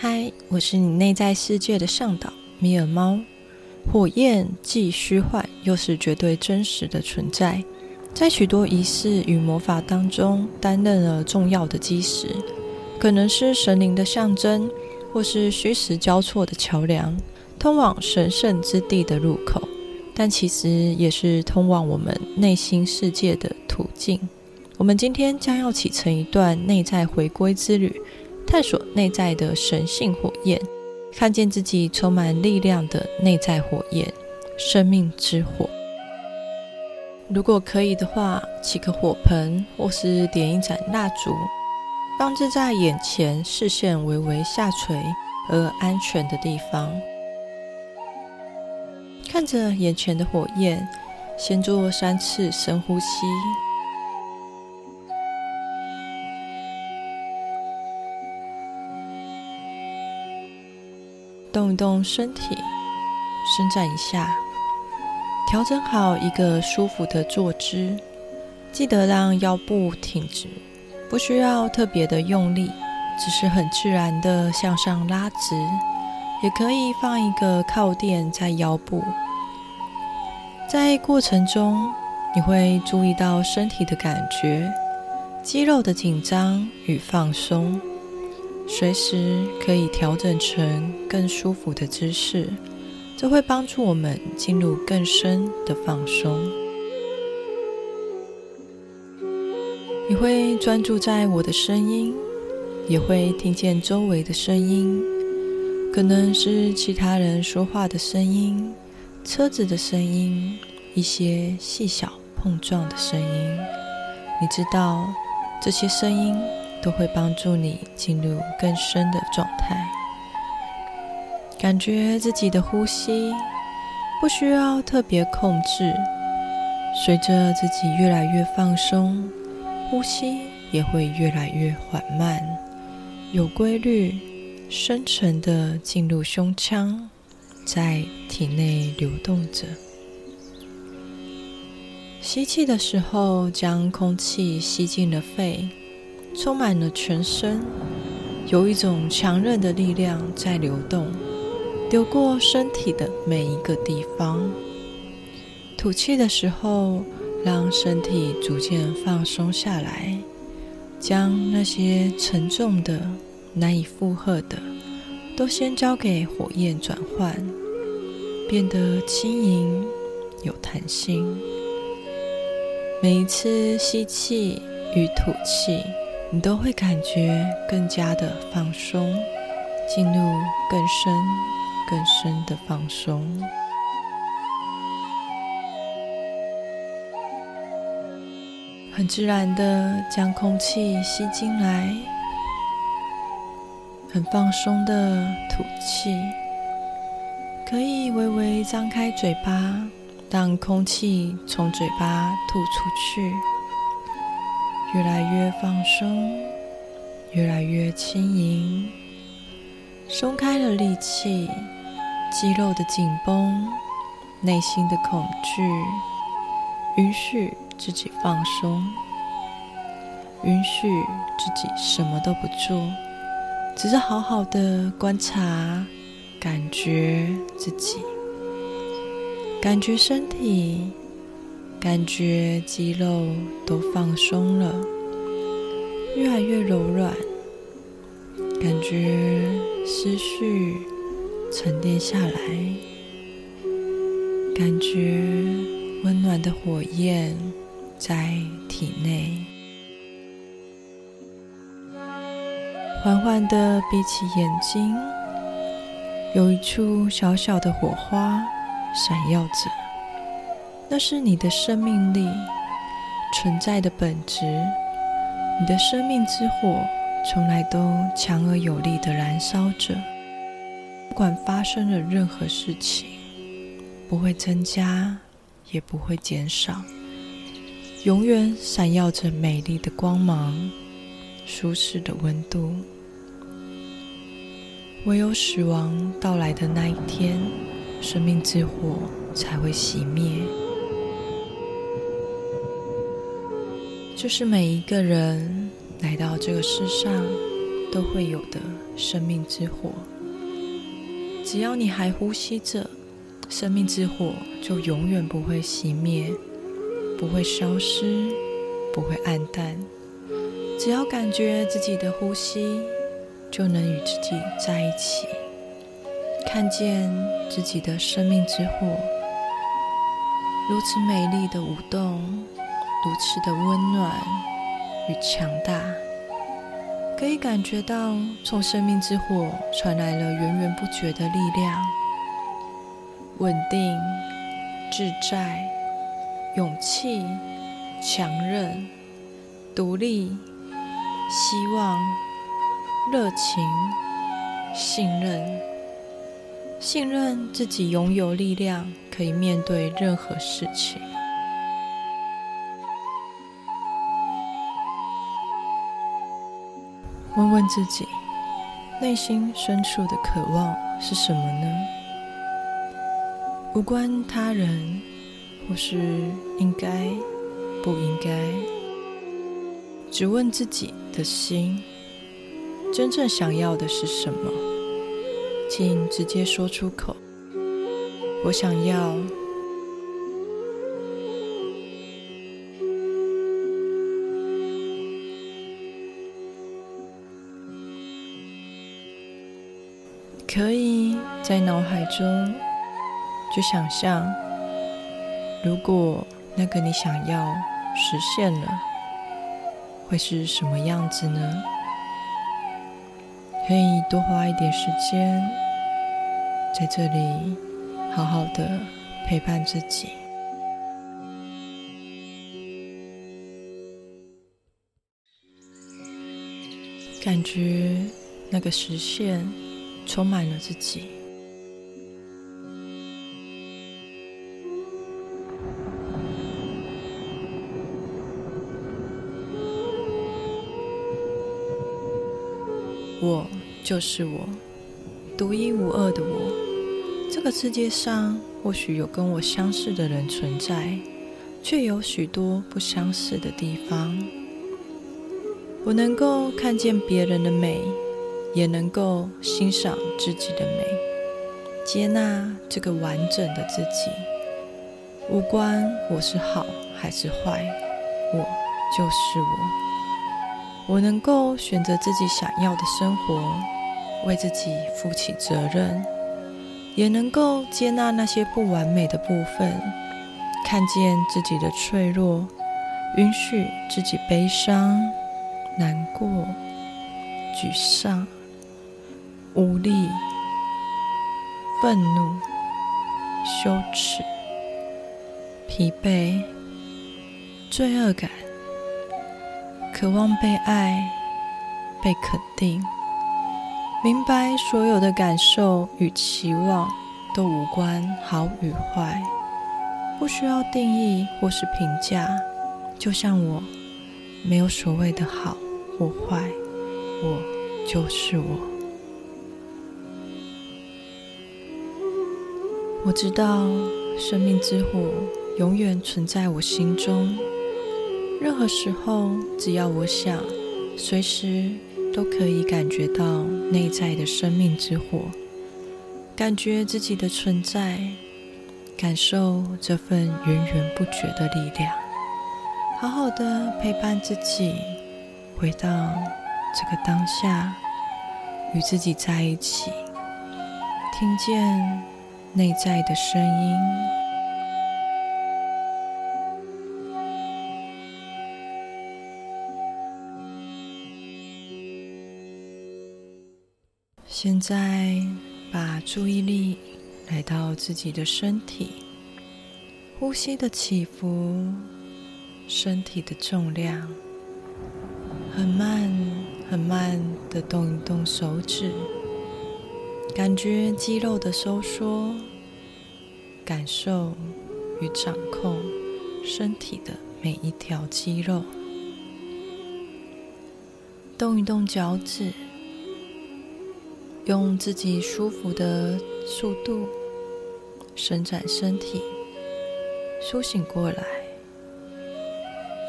嗨，Hi，我是你內在世界的嚮導，米爾貓。火焰既虛幻，又是絕對真實的存在，在許多儀式與魔法當中擔任了重要的基石，可能是神靈的象徵，或是虛實交錯的橋梁，通往神聖之地的入口，但其實也是通往我們內心世界的途徑。我們今天將要啟程一段內在回歸之旅。探索內在的神性火焰，看見自己充滿力量的內在火焰——生命之火。如果可以的話，起個火盆或是點一盞蠟燭，放置在眼前視線微微下垂而安全的地方。看着眼前的火焰，先做三次深呼吸。動一動身體，伸展一下，調整好一個舒服的坐姿，記得讓腰部挺直，不需要特別的用力，只是很自然的向上拉直。也可以放一個靠墊在腰部。在過程中，你會注意到身體的感覺，肌肉的緊張與放鬆。隨時可以調整成更舒服的姿勢，這會幫助我們進入更深的放鬆。你會專注在我的聲音，也會聽見周圍的聲音，可能是其他人說話的聲音、車子的聲音、一些細小碰撞的聲音。你知道這些聲音。都會幫助你進入更深的狀態，感覺自己的呼吸不需要特別控制，隨着自己越來越放鬆，呼吸也會越來越緩慢、有規律、深沉的進入胸腔，在體內流動着。吸氣的時候，將空氣吸進了肺。充滿了全身，有一種強韌的力量在流動，流過身體的每一個地方。吐氣的時候，讓身體逐漸放鬆下來，將那些沉重的、難以負荷的，都先交給火焰轉換，變得輕盈、有彈性。每一次吸氣與吐氣。你都會感覺更加的放鬆，進入更深、更深的放鬆。很自然的將空氣吸進來，很放鬆的吐氣，可以微微張開嘴巴，讓空氣從嘴巴吐出去。越來越放鬆，越來越輕盈，鬆開了力氣，肌肉的緊繃，內心的恐懼，允許自己放鬆，允許自己什麼都不做，只是好好的觀察，感覺自己，感覺身體。感覺肌肉都放鬆了，越來越柔軟。感覺思緒沉澱下來，感覺溫暖的火焰在體內。緩緩的閉起眼睛，有一處小小的火花閃耀着。那是你的生命力存在的本質，你的生命之火從來都強而有力地燃燒着，不管發生了任何事情，不會增加，也不會減少，永遠閃耀着美麗的光芒，舒適的溫度。唯有死亡到來的那一天，生命之火才會熄滅。就是每一個人來到這個世上都會有的生命之火。只要你還呼吸着，生命之火就永遠不會熄滅，不會消失，不會黯淡。只要感覺自己的呼吸，就能與自己在一起，看見自己的生命之火如此美麗的舞動。如此的溫暖與強大，可以感覺到從生命之火傳來了源源不絕的力量。穩定、自在、勇氣、強韌、獨立、希望、熱情、信任。信任自己擁有力量，可以面對任何事情。問問自己，內心深處的渴望是什麼呢？無關他人，或是應該、不應該，只問自己的心，真正想要的是什麼？請直接說出口。我想要。可以在腦海中去想象，如果那個你想要實現了，會是什麼樣子呢？可以多花一點時間在這裡，好好的陪伴自己，感覺那個實現。充滿了自己。我就是我，獨一無二的我。這個世界上或許有跟我相似的人存在，卻有許多不相似的地方。我能夠看見別人的美。也能夠欣賞自己的美，接納這個完整的自己，無關我是好還是壞，我就是我。我能夠選擇自己想要的生活，為自己負起責任，也能夠接納那些不完美的部分，看見自己的脆弱，允許自己悲傷、難過、沮喪。無力、憤怒、羞恥、疲憊、罪惡感、渴望被愛、被肯定。明白所有的感受與期望都無關好與壞，不需要定義或是評價，就像我，沒有所謂的好或壞，我就是我。我知道生命之火永遠存在我心中，任何時候只要我想，隨時都可以感覺到內在的生命之火，感覺自己的存在，感受這份源源不絕的力量，好好的陪伴自己，回到這個當下，與自己在一起，聽見。內在的聲音。現在把注意力來到自己的身體，呼吸的起伏，身體的重量。很慢、很慢的動一動手指。感覺肌肉的收縮，感受與掌控身體的每一條肌肉，動一動腳趾，用自己舒服的速度伸展身體，甦醒過來，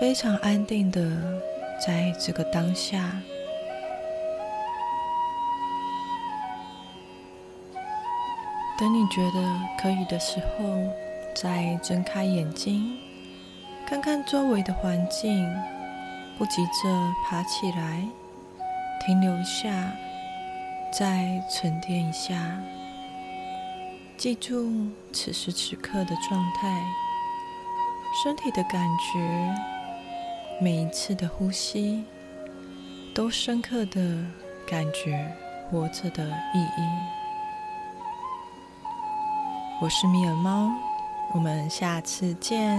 非常安定的在這個當下。等你覺得可以的時候，再睜開眼睛，看看周圍的環境，不急着爬起來，停留下，再沉澱一下，記住此時此刻的狀態、身體的感覺，每一次的呼吸，都深刻的感覺活着的意義。我是米爾貓，我們下次見。